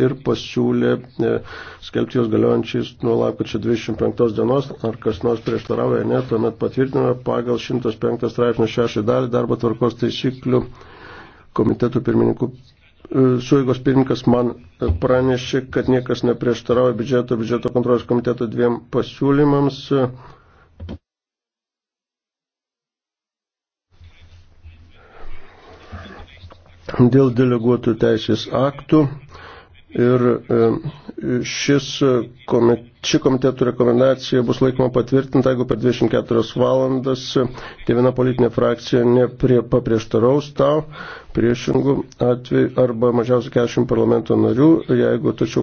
ir pasiūlė e, skelbti jos galiojančiais nuo lapkričio 25 dienos, ar kas nors prieštarauja, ne, tuomet patvirtiname pagal 105 straipsnio 6 dalį darbo tvarkos taisyklių komitetų pirmininkų. E, Suėgos pirmininkas man e, pranešė, kad niekas neprieštarauja biudžeto, biudžeto kontrolės komiteto dviem pasiūlymams. dėl deleguotų teisės aktų ir e, šis komitetas Ši komitetų rekomendacija bus laikoma patvirtinta, jeigu per 24 valandas kiekviena politinė frakcija neprie paprieštaraus tau priešingų atveju arba mažiausiai 40 parlamento narių, jeigu tačiau